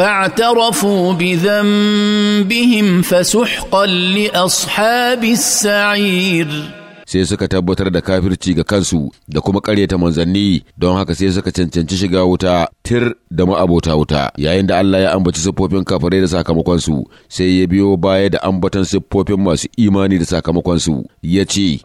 فاعترفوا بذنبهم فسحقا لأصحاب السعير sai suka tabbatar da kafirci ga kansu da kuma ƙaryata manzanni don haka sai suka cancanci shiga wuta tir da ma'abota wuta yayin da Allah ya ambaci siffofin kafirai da sakamakonsu sai ya biyo baya da ambatan siffofin masu imani da sakamakonsu ya ce